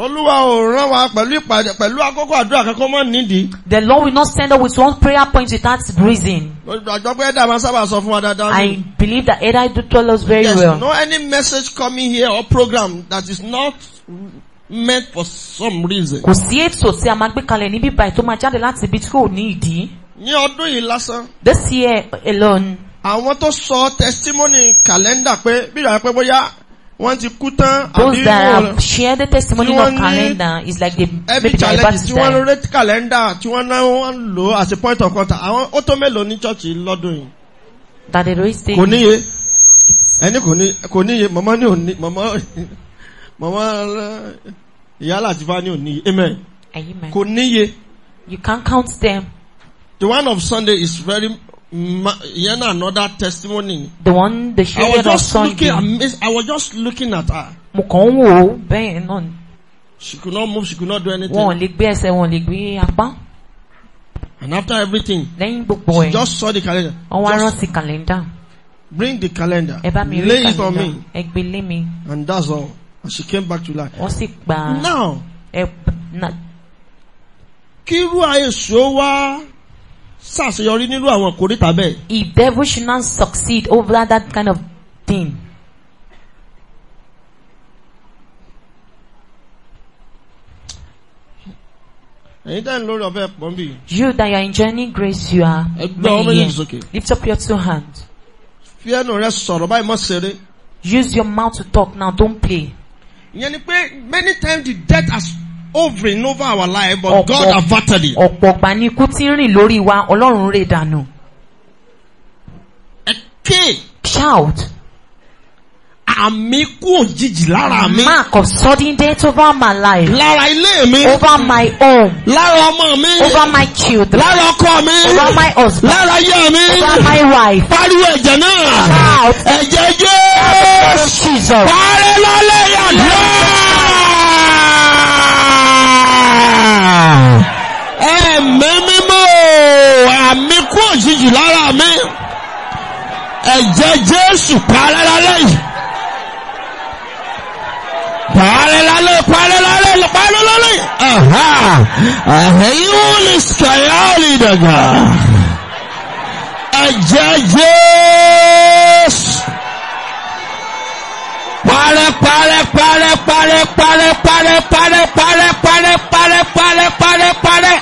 Olúwa ò rán wa pẹ̀lú ìpàdé pẹ̀lú àkókò àdúrà kankan mọ́ nídìí. The Lord will not send us with one prayer point without reason. Àjọ pé Ẹ̀dá máa sábà sọ fún wa dáadáa. I believe that Ẹ̀dá do tell us very yes, well. Yes, no any message coming here or program that is not meant for some reason. Kò sí ètò tí a máa gbé kalẹ̀ níbí báyìí tó máa jáde láti ibi tí kò ní ìdí. Ní ọdún yìí lásán. This year alone. Àwọn tó sọ testimony calendar pé bí ìrà bóyá wọ́n ti kú tán those that have shared the testimony of calendar is like the they every challenge tí wọ́n rate calendar tí wọ́n náà wọ́n lò as a point of contact àwọn ó tó mélòó ní church lọ́dún yìí. that they don't stay. kò níye ẹni kò ní kò níye mọ̀mọ́ ní òní mọ̀mọ́ mọ̀mọ́ ìyá làtìfá ní òní amen. amen. kò níye. you can count them. the one of Sunday is very yẹn náà another testimony. the one the shared on Sunday. I was just looking amazed I was just looking at her. mo kàn ń wò ó bẹ́ẹ̀ náà. she could not move she could not do anything. wọn lè gbé ẹsẹ̀ wọn lè gbé apá. and after everything. lẹ́yìn gbogbo ẹ̀ she just saw the calendar. wọ́n wá rántí kàlẹ́ndà. bring the calendar. ẹ bá mi rí kàlẹ́ndà ẹ gbé lé mi. and that's all and she came back to life. wọ́n sì gbà. now. ẹ na. kírú àyè sọ wá ṣàṣeyọrí nínú àwọn kòríta bẹ́ẹ̀. if devil should not succeed over that kind of thing. ẹ̀yin tẹ́ ń lórí ọ̀fẹ́ pọ̀ bí. you that you are enjoying grace you are. ẹgbẹ́ ọmọ lift up your two hands. fi ẹnu rẹ sọ̀rọ̀ báyìí mọ́ ṣeré. use your mouth to talk now don't play. ìyẹn ni pé many times the death has Over hovering over our life but God averted it. ọ̀pọ̀ ọ̀gbà ni ikú ti ń rìn lórí wa ọlọ́run rè dànù. ẹ ké. shout. Àmì kú òjijì lára mi. Mark of sudden death over my life. Lára ilé mi. Over my home. Lára ọmọ mi. Over my children. Lára ọkọ mi. Over my husband. Lára aya mi. Over my wife. Pariwo ẹ̀jẹ̀ náà. Shout. Ẹ̀jẹ̀ jẹ́. Jesus. Parí lọ́lẹ́ ẹ̀mí mímọ́ àmì kú òjijì lára mi ẹ̀jẹ̀ Jésù parẹ́ lálẹ́ yìí parẹ́ lálẹ́ parẹ́ lálẹ́ parẹ́ lálẹ́ ẹ̀yìn wọlé skyali dàgbà ẹ̀jẹ̀ Jésù. Para, para, para, para, para, para, para, para, para, para, para, para, para.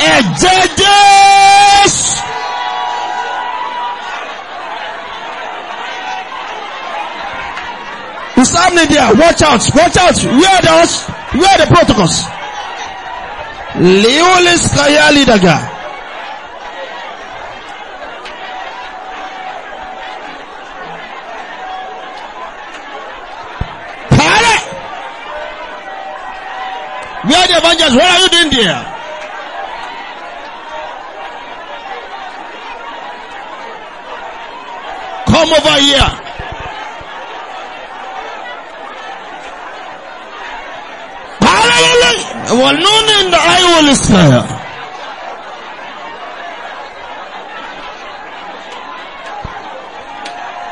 Ẹ̀jẹ̀ Jésù. Usam there? watch out, watch out, hear us. Where are the protocols? Leolis Kayali Daga. We are the Avengers? What are you doing there? Come over here. Well, noon and I will swear.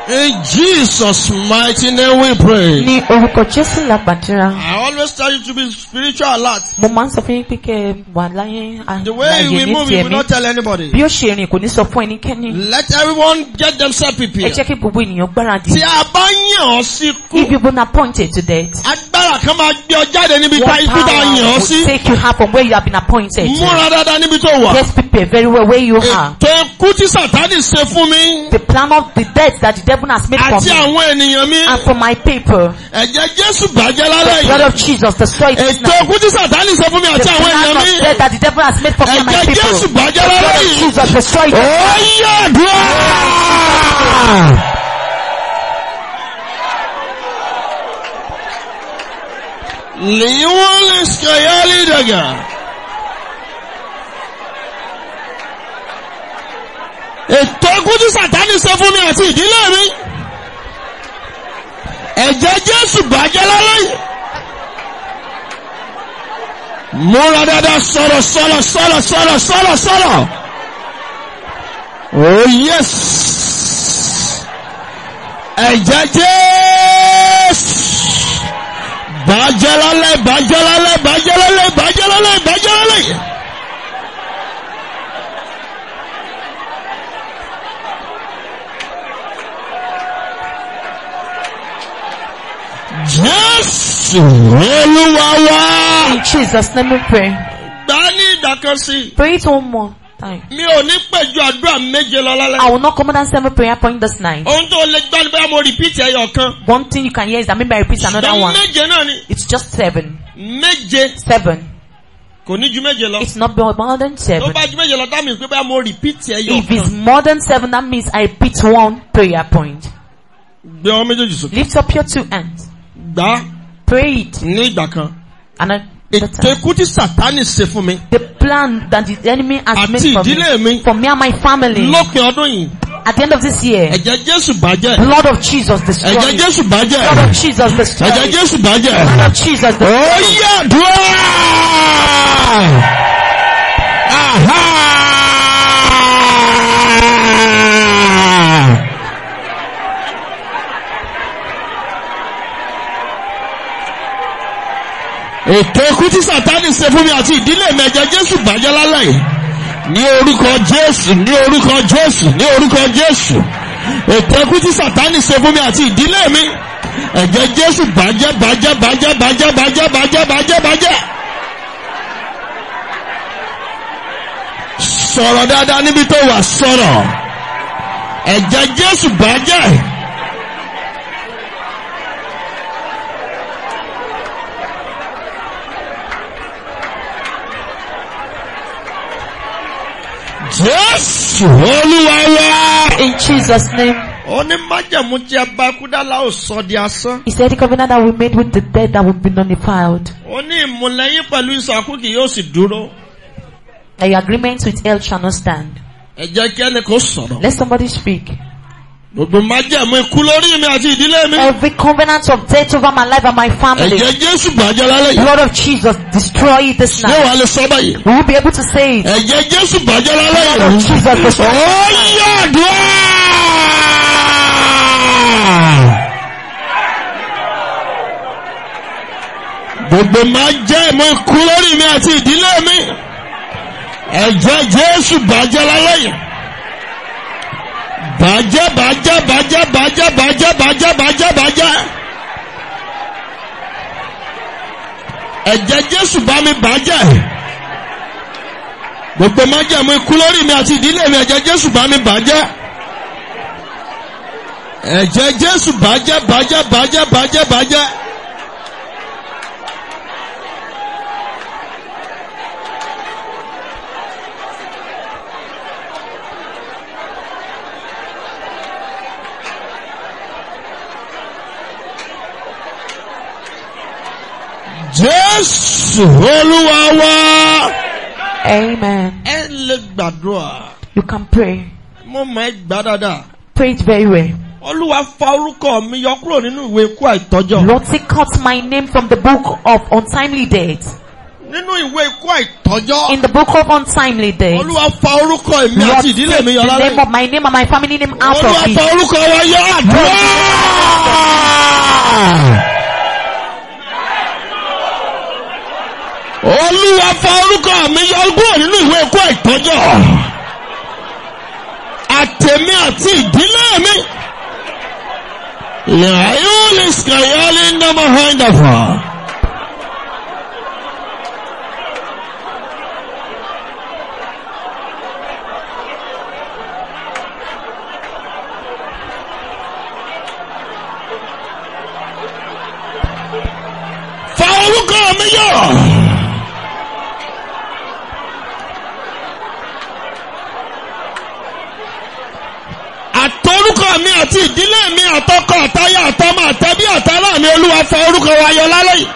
In Jesus' mighty name we pray. Ní orúkọ Jésù la I always tell you to be spiritual alert. Mo máa ń sọ fún yín pé kẹ́ ẹ wà láyé àyè ní tiẹ̀mí. The way we move we will not tell anybody. Bí ó ṣe rìn kò ní sọ fún ẹnikẹ́ni. Let everyone get themselves prepared. Ẹ jẹ́ kí gbogbo ènìyàn gbáradì. Tí a bá yàn ọ́ sí kú. If you gonna point it to death. Agbá agbára kan máa gbé ọ jáde níbi tá ikú tá a yàn ọ́ sí. What power will take you out from where you have been appointed? Múra dáadáa níbi tó wà. Just prepare very well where you eh, are. Ètò ikú tí Sátánì ṣe fún mi. The plan of the death that the devil has made for me. Àti àwọn ènìyàn mi. And for my people. Ẹ̀jẹ̀ Jésù bàjẹ́ lálẹ́ yìí. The blood of Jesus destroy it. Ètò ikú tí Sátánì ṣe fún mi àti àwọn ènìyàn mi. The plan of death that the devil has made for me and my people. Ẹ̀jẹ̀ Jésù bàjẹ́ lálẹ́ yìí. The blood of Jesus destroy it. Ó yẹ Leon ska jag lidaga. Ètò kújú sàtánì ṣe fún mi àti ìdílé mi. Ẹ̀jẹ̀ Jésù bàjẹ́ lálẹ́ Múra dáadáa sọ̀rọ̀ sọ̀rọ̀ sọ̀rọ̀ sọ̀rọ̀ sọ̀rọ̀ sọ̀rọ̀. Oh yes! Ẹ̀jẹ̀ Jésù bàjẹ́lálẹ̀ bàjẹ́lálẹ̀ bàjẹ́lálẹ̀ bàjẹ́lálẹ̀ bàjẹ́lálẹ̀. Jésù Olúwa wá. In Jesus' name we pray. Dání ìdákan sí. Pray it one more time. mi ò ní pẹ̀jù àdúrà méje lọ lálẹ́. I will not come down seven prayer point this night. ohun tó lè gbọ́ ni bóyá mo repeat ẹyọ kan. one thing you can hear is that maybe I repeat another one. méje náà ni. it's just seven. méje. seven. kò ní ju méje lọ. it's not been more than seven. tó bá ju méje lọ that means pé bóyá mo repeat ẹyọ kan. if it's more than seven that means I repeat one prayer point. gbé ọmọ méjèèjì sókè. lift up your two hands. gbá. pray it. ní ìgbà kan. and I. Ètò ikú tí ṣe fún mi. The plan that the enemy has made for me, mi. for me and my family. Lópin ọdún yìí. At the end of this year. Ẹ̀jẹ̀ Jésù bàjẹ́. Blood of Jesus destroy. Ẹ̀jẹ̀ Jésù bàjẹ́. Blood of Jesus destroy. Ẹ̀jẹ̀ Jésù bàjẹ́. Blood of Jesus destroy. Ó yẹ Aha. ètò ikú tí sátánì ṣe fún mi àti ìdílé mẹjọ jésù bàjẹ́ lálẹ́ yìí ní orúkọ jésù ní orúkọ jésù ní orúkọ jésù ètò ikú tí sátánì ṣe fún mi àti ìdílé mi ẹ̀jẹ̀ jésù bàjẹ́ bàjẹ́ bàjẹ́ bàjẹ́ bàjẹ́ bàjẹ́ bàjẹ́ bàjẹ́. sọ̀rọ̀ dáadáa níbi tó wà sọ̀rọ̀ ẹ̀jẹ̀ jésù bàjẹ́. Jésù Olúwa In Jesus name. Ó ní májẹ̀mú tí a bá kúdá la ó sọ di asán. He said the covenant that we made with the dead that would be nullified. Ó ní ìmúlẹ̀yìn pẹ̀lú ìsàkú kì yóò sì dúró. your agreement with hell shall not stand. Ẹ jẹ́ kí ẹnì kan sọ̀rọ̀. Let somebody speak. Gbogbo májẹ̀mú ikú lórí mi àti ìdílé mi. Every covenant of death over my life and my family. Ẹ̀jẹ̀ Jésù gbàjẹ́ lálẹ́ yìí. Blood of Jesus destroy it this night. Yóò wá lè sọ báyìí. We will be able to say it. Ẹ̀jẹ̀ Jésù gbàjẹ́ lálẹ́ yìí. Blood of Jesus destroy it. Ó yàdúrà. Gbogbo májẹ̀mú ikú lórí mi àti ìdílé mi. Ẹ̀jẹ̀ Jésù gbàjẹ́ lálẹ́ yìí bàjẹ́ bàjẹ́ bàjẹ́ bàjẹ́ bàjẹ́ bàjẹ́ bàjẹ́ bàjẹ́. ẹ̀jẹ̀ Jésù bá mi bàjẹ́ gbogbo májẹ̀mú ikú lórí mi àti ìdílé mi ẹ̀jẹ̀ Jésù bá mi bàjẹ́ ẹ̀jẹ̀ Jésù bàjẹ́ bàjẹ́ bàjẹ́ bàjẹ́ bàjẹ́. Jésù Olúwa Amen. You can pray. Mo mọ̀ Pray it very well. Olúwa fa orúkọ mi yọ kúrò nínú ìwé ikú àìtọ́jọ́. Lord take out my name from the book of untimely death. Nínú ìwé ikú àìtọ́jọ́. In the book of untimely death. Olúwa fa orúkọ èmi àti ìdílé mi yọ lára. Lord take the name of my name and my family name out Olúwa of it. Olúwa fa orúkọ wa yọ àdúrà. olúwa fa orúkọ mi yọ kúrò nínú ìwé ikú ìpọ́jọ́ àtẹ̀mí àti ìdílé mi ní ayé ó lè ṣàyẹ́ lé nọ́mọ́ hàn dàfà. àtẹbí àtàrà mi olúwa fọ orúkọ wa yọ lálẹ́ yìí.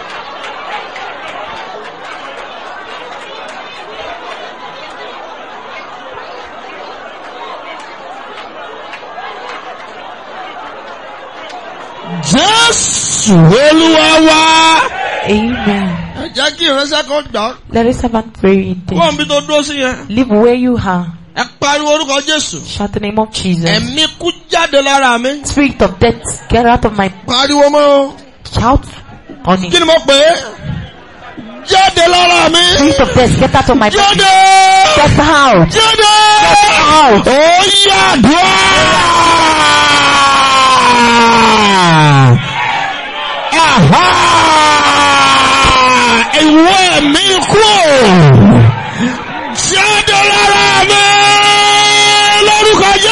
Jésù olúwa wá. Amen. Ẹ jẹ́ kí ìrẹsẹ̀ kan gbà. There is servant prayer in there. Kó omi tó dúró sí yẹn. Leave where you are. Ẹ pariwo orúkọ Jésù. Shout the name of Jesus. Ẹ̀mí kú jáde lára mi. Spirit of death get out of my. Pariwo mọ́. Shout on it. Kí ni mo pè é? Jáde lára mi. Spirit of death get out of my body. Jáde. Get out. Jáde. Get out. Ó yá dùá. Aha! Ìwé mi kú. Jáde lára mi.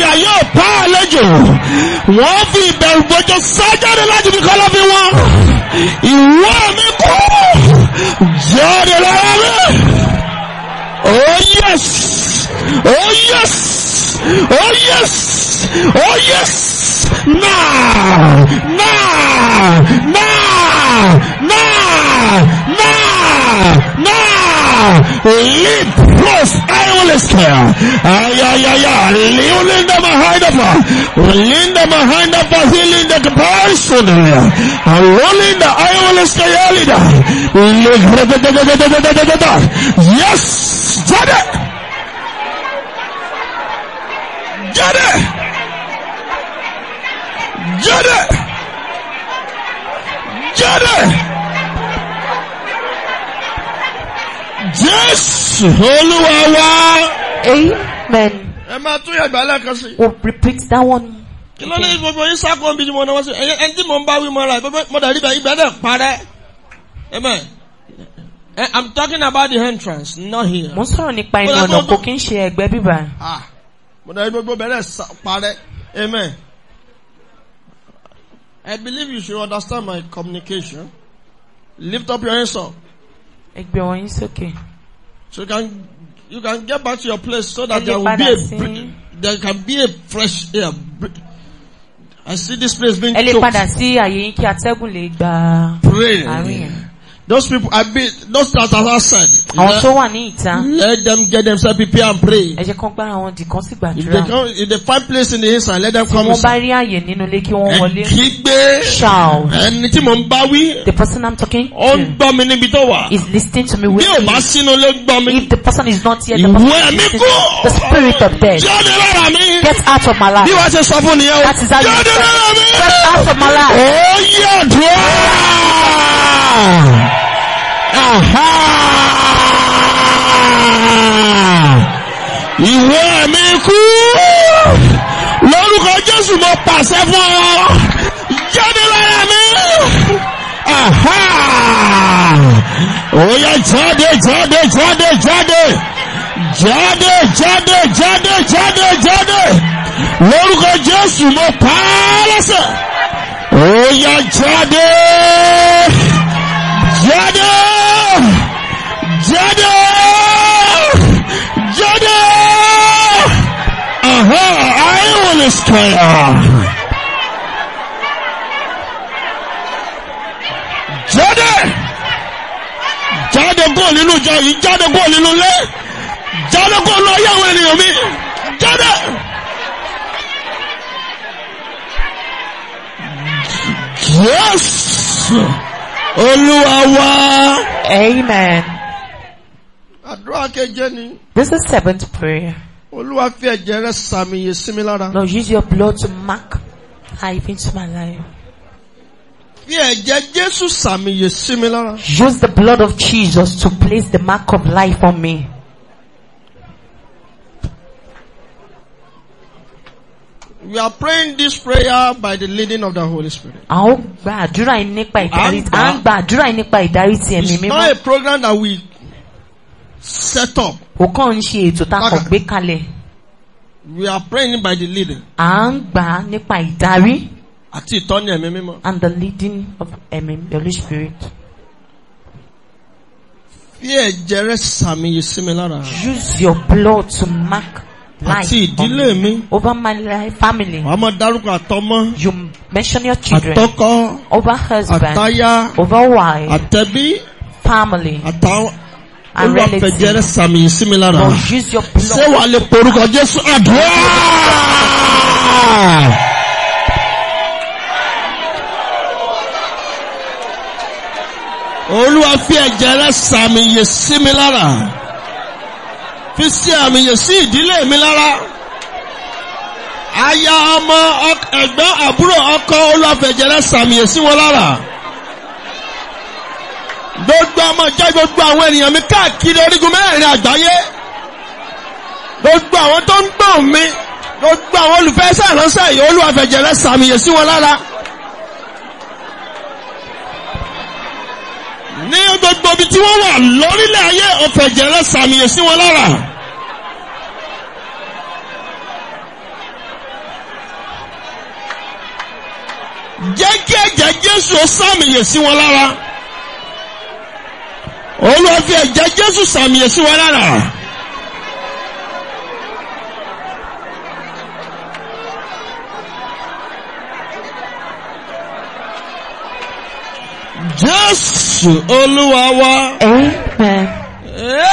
ìpayà yóò àlejò wọ́n fi ìbẹ̀rù bójú sájáde láti fi kọ́lá fi wọn. ìwọ mi kú jáde lára mi. oh yes oh yes oh yes oh yes Na! Na! Na! Na! Na! Na! Leprof Ioliska. Ayayaya. Leolinda Mahidapa. Linda Mahidapa. Hilinda Kaparson. Alolinda Ioliska Yalida. Yes. Get it. Get it. Get it. Get it. Jésù Olúwa wá. Amen. Ẹ máa tún yàgbá lẹ́ẹ̀kan sí. Oh, we'll repeat that one kí ló ní gbogbo yín sá kan bí mo náwó sí ẹyẹ ẹni tí mò ń bá wí mo ra mo dàrí bẹ ibẹ náà parẹ amen eh, i'm talking about the entrance not here. mo sọ̀rọ̀ nípa ẹni ọ̀nà kò kí n ṣe ẹgbẹ́ bíbá. Ah, mo dàrí gbogbo bẹ̀rẹ̀ parẹ́ amen. i believe you should understand my communication lift up your hands up. Ẹ wọn yín sókè. So you can you can get back to your place so that there will be a there can be a fresh air. I see this place being choked. Ẹ lè padà sí àyè yín kí atẹ́gùn lè gba àárín yẹn. Those people, I be, those that are outside. Àwọn tó wà ní ìta. Let them get themselves prepare and pray. Ẹ jẹ́ kán gbára wọn dì kán sì gbàdúrà. If they come, if they find place in the inside, let them come inside. Tí wọ́n bá rí àyè nínú ilé kí wọ́n wọlé. Kígbe. Shout. Ẹni tí mò ń bá wí. The person I'm talking to. Ó ń gbọ́ mi níbi tó wà. Is listening to me with Bí o bá sínú ló gbọ́ mi. If the person is not here, the person is listening. Ìwé mi kú. The spirit of death. Jáde lára mi. Get out of my life. Bí wàá ṣe sọ fún nìyẹn o. That is how you do it. Jáde lára mi. Get out of my life. Aha! ìwọ mi kú lórúkọ Jésù mo pàṣẹ fún ọ jáde lára mi ó yá jáde jáde jáde jáde jáde jáde jáde jáde jáde lórúkọ Jésù mo pa á lẹ́sẹ̀ ó yá jáde jáde. Jade, Jade, ọ̀hún àìwọ̀n ní sọ̀yà. jáde Jade, Jade, nínú ìjọ yìí Jade, kúrò nínú le. Jade, kúrò nínú ayé àwọn ènìyàn mi Jade, Yes! Olúwa Amen. This is seventh prayer. Now use your blood to mark life into my life. Use the blood of Jesus to place the mark of life on me. We are praying this prayer by the leading of the Holy Spirit. It's not a program that we set up. kò kàn ń ṣe ètò tá a kàn gbé kalẹ̀. we are praying by the leading. à ń gbà á nípa ìdarí. àti ìtọ́ni ẹ̀mí mímọ́. and the leading of ẹ̀mí the holy spirit. Fear ẹ̀jẹ̀ rẹ sàmì yìí sí lára. Use your blood to mark life. Àti ìdílé mi. Over my life family. Wàá máa dárúkọ àtọmọ. You mention your children. Àtọkọ. Over husband. Àtaya. Over wife. Àtẹbí. Family. Àtàwọn and relatives. Olúwa fẹ̀jẹ̀ rẹ̀ sàmì ìsinmi lára. But use your blood. Ṣé wàá lè porúkọ Jésù àdúrà? Olúwa fi ẹ̀jẹ̀ rẹ̀ sàmì yè sí mi lára. Fi sí àmì yè sí ìdílé mi lára. Aya ọmọ ẹ̀gbọ́n àbúrò ọkọ olúwa fẹ̀jẹ̀ rẹ̀ sàmì yè sí wọn lára gbogbo ọmọ ìjọ gbogbo àwọn ènìyàn mi káàkiri orígun mẹ́rin àgbáyé gbogbo àwọn tó ń gbọ́n mi gbogbo àwọn olùfẹ́ sàránṣẹ́ yìí olúwàfẹ̀jẹ̀ rẹ sàmìyẹ sí wọn lára. ní gbogbo ibi tí wọ́n wà lórílẹ̀ ayé ọ̀fẹ̀jẹ̀ rẹ sàmìyẹ sí wọn lára. jẹ́ kí ẹ̀jẹ̀ Jésù ó sàmìyẹ sí wọn lára olúwa fi ẹ̀jẹ̀ jésù sàmì èsì wa lára. jésù olúwa wa.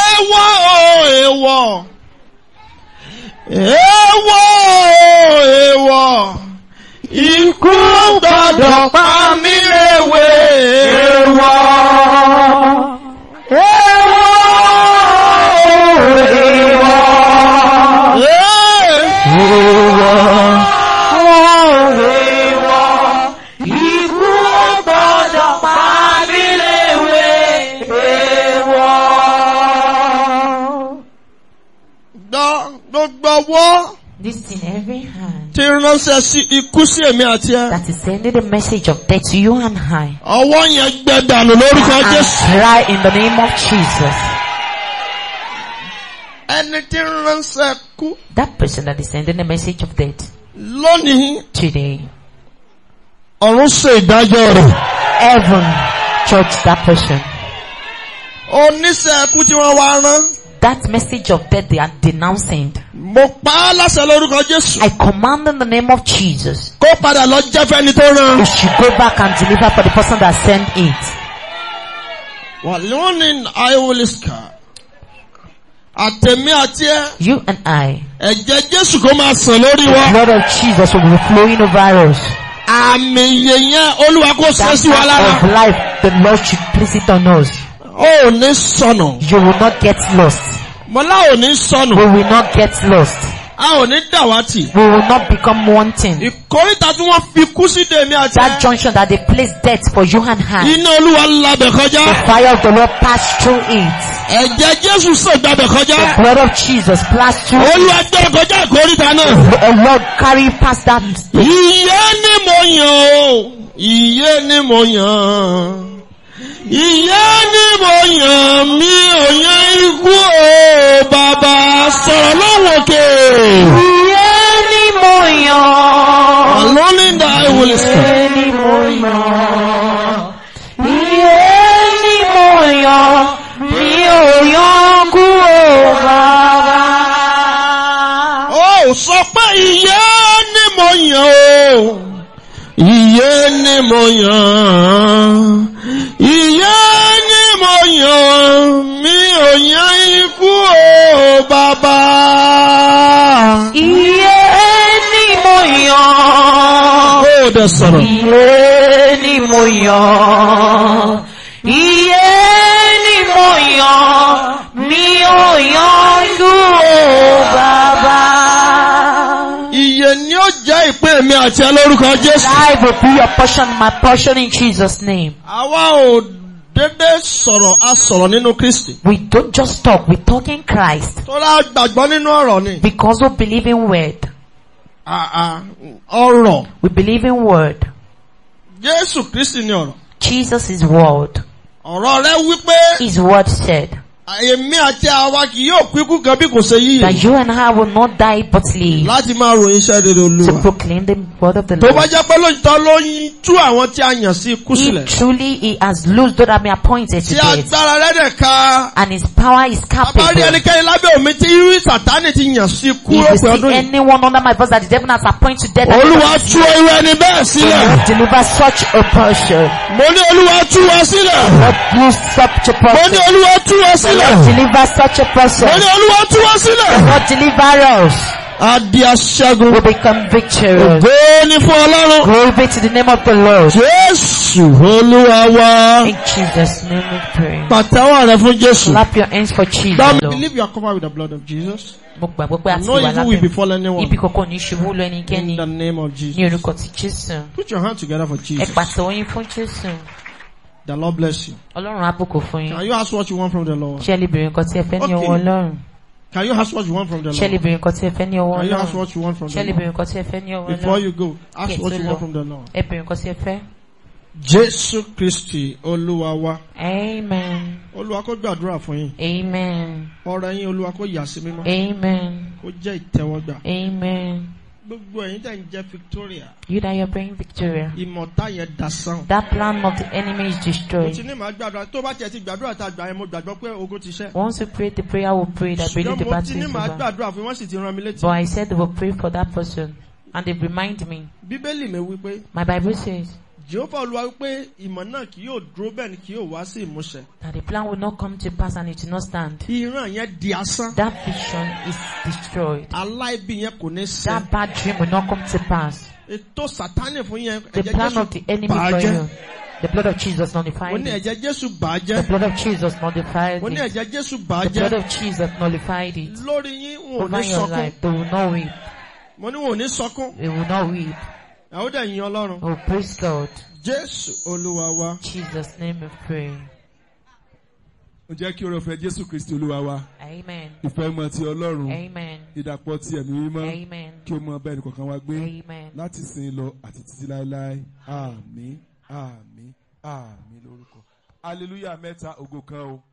ewọ o ewọ. ewọ o ewọ. ikú gbọdọ̀ pa mí léwe ewọ gbogbo that is sending the message of death to you and I. want you gbẹ dànù lórúkọ Jésù. and cry in the name of Jesus. that person that is sending the message of death. lónìí. today. heaven judge that person. wá that message of death they are denouncing. Mo pa á láṣẹ lórúkọ Jésù. I command in the name of Jesus. Kó padà lọ jẹ́ fẹ́ni tó rán. You should go back and deliver for the person that sent it. Wàlúùnì Àìwòlìsíkà. Àtẹ̀mí àti ẹ. You and I. Ẹ̀jẹ̀ Jésù kó máa sàn lórí wa. The blood of Jesus will be flowing over us. Àmì yẹ̀yẹ́ Olúwa kó ṣe wa lára. That kind of life the Lord should place it on us. Oh, ní sọnù. you will not get lost. mọ́lá ò ní sọnù. we will not get lost. a ò ní dàwátì. we will not become wanting. ìkórìtà tí wọ́n fi kú sí dèmi àti. that junction that they place death for you and her. iná olúwa labẹ̀ kọjá. the fire of the Lord passed through it. ẹ̀jẹ̀ jésù sàn kọjá. the blood of Jesus passed through it. olúwa gbẹ kọjá ìkórìtà náà. the Lord carry past that. ìyè ni mo yàn o ìyè ni mo yàn ìyá ni mo yàn mí ò yàn ikú o bàbá sọ̀rọ̀ lọ́wọ́ òkè. ìyá ni mo yàn. àlọ́ ní ìdá ìwòlè sàn. ìyá ni mo yàn. ìyá ni mo yàn mí ò ikú o bàbá. ó sọ pé ìyá ni mo yàn o ìyá ni mo yàn ìyá ni mo yàn mi ò yàn ikú o bàbá. ìyá ni mo yàn. ó dẹ sọ̀rọ̀. ìyá ni mo yàn. ìyá ni mo yàn mi ò yàn ikú o. ìpín mi àti ẹ Jésù. Life will be your portion, my portion in Jesus' name. Àwa ò dédé sọ̀rọ̀ a sọ̀rọ̀ nínú Kristi. We don't just talk, we talk in Christ. Tọ́lá gbàgbọ́ nínú ọ̀rọ̀ ni. Because we believe in word. Ọ̀rọ̀. We believe in word. Jésù Kristi ni ọ̀rọ̀. Jesus is word. Ọ̀rọ̀ rẹ̀ wípé. His word said. Èmi àti àwa kì yóò kú ikú kan bí kò ṣe yìí. That you and I will not die but live. Láti máa ròyìn iṣẹ́ rere Olúwa. To proclaim the word of the Lord. Tó bá jẹ́ pé lóòótọ́ ló ń tú àwọn tí a yàn sí ikú sílẹ̀. If truly he has lost those that have been appointed to death. Tí agbára rẹ̀ ka. And his power is capable. Àbárí ẹnikẹ́ni lábẹ́ omi tí irú Sàtánì ti yàn sí ikú lópin ọdún yìí. If you see anyone under my voice that the devil has appointed to death. Olúwa tú irú ẹni bẹ́ẹ̀ sílẹ̀. He deliver such a person. Mo ní Olúwa tú wa sílẹ̀. Mo ní Olúwa tú wa sílẹ̀. sílẹ̀. God deliver such a person. Wọ́n ní Olúwa tú wá sílẹ̀. deliver us. A di aṣẹ́gun. We become victorious. Ògo ni fún Ọlọ́run. Glory to the name of the Lord. Jésù Olúwa In Jesus' name we pray. Pàtẹ́wọ́ rẹ fún Jésù. Clap your hands for Jesus. Báwo believe you are covered with the blood of Jesus? Mo gbàgbọ́ pé a ti In the name of Jesus. Put your hand together for Jesus. The Lord bless you. Ọlọ́run á fún yín. Can you ask what you want from the Lord? Ṣé ẹ lè tí ẹ fẹ́ ní ọwọ́ Ọlọ́run? Can you ask what you want from the Lord? Ṣé ẹ lè tí ẹ fẹ́ ní ọwọ́ Ọlọ́run? Can you ask what you want from the Lord? Ṣé ẹ lè tí ẹ fẹ́ ní ọwọ́ Ọlọ́run? Before you go, ask what you want from the Lord. Ẹ béèrè nǹkan tí ẹ fẹ́. Jésù Kristi Olúwa wa. Amen. Olúwa kó gbàdúrà fún yín. Amen. Ọ̀rọ̀ yín Olúwa kó yà sí mímọ́. Amen. Kó jẹ́ ìtẹ́wọ́gbà. Amen. Gbogbo ẹ̀yin tẹ̀ ń jẹ́ Victoria. You that you're praying Victoria. Ìmọ̀ta yẹn dasan. That plan of the enemy is destroyed. Mo ti ní màá gbàdúrà tó bá tiẹ̀ ti gbàdúrà tá gbà yẹn mo gbàgbọ́ pé ogun ti ṣẹ́. Once you pray the prayer will pray that really the battle is over. mo ti ní màá gbàdúrà fún wọn sì ti rán mi létí. But I said they will pray for that person and they remind me. Bíbélì mi wí pé. My Bible says. Jehovah Olúwa wípé ìmọ̀ náà kì yóò dúró bẹ́ẹ̀ ni kì yóò wá sí ìmúṣẹ. That the plan will not come to pass and it will not stand. Ìran yẹn di asán. That vision is destroyed. Aláìbí yẹn kò ní ṣẹ. That bad dream will not come to pass. Ètò Sátánì fún yẹn. The plan of the enemy for you. The blood of Jesus nullified it. The blood of Jesus nullified it. The blood of Jesus nullified it. Lórí Over your life they will not weep. They will not weep. Àwọn dẹ̀ yin Ọlọ́run. Oh praise God. Jésù Olúwa Jesus name of prayer. Ó jẹ́ kí oore ọ̀fẹ́ Jésù Kristi Olúwa Amen. Ìfẹ́ mọ̀ ti Ọlọ́run. Amen. Ìdàpọ̀ ti ẹ̀mí mímọ́. Amen. Kí o mọ bẹ́ẹ̀ nìkọ̀ọ̀kan wa gbé. Amen. Láti sin lọ àti títí láéláé. Àmín. Àmín. Àmín lórúkọ. Hallelujah mẹ́ta ògo kan o.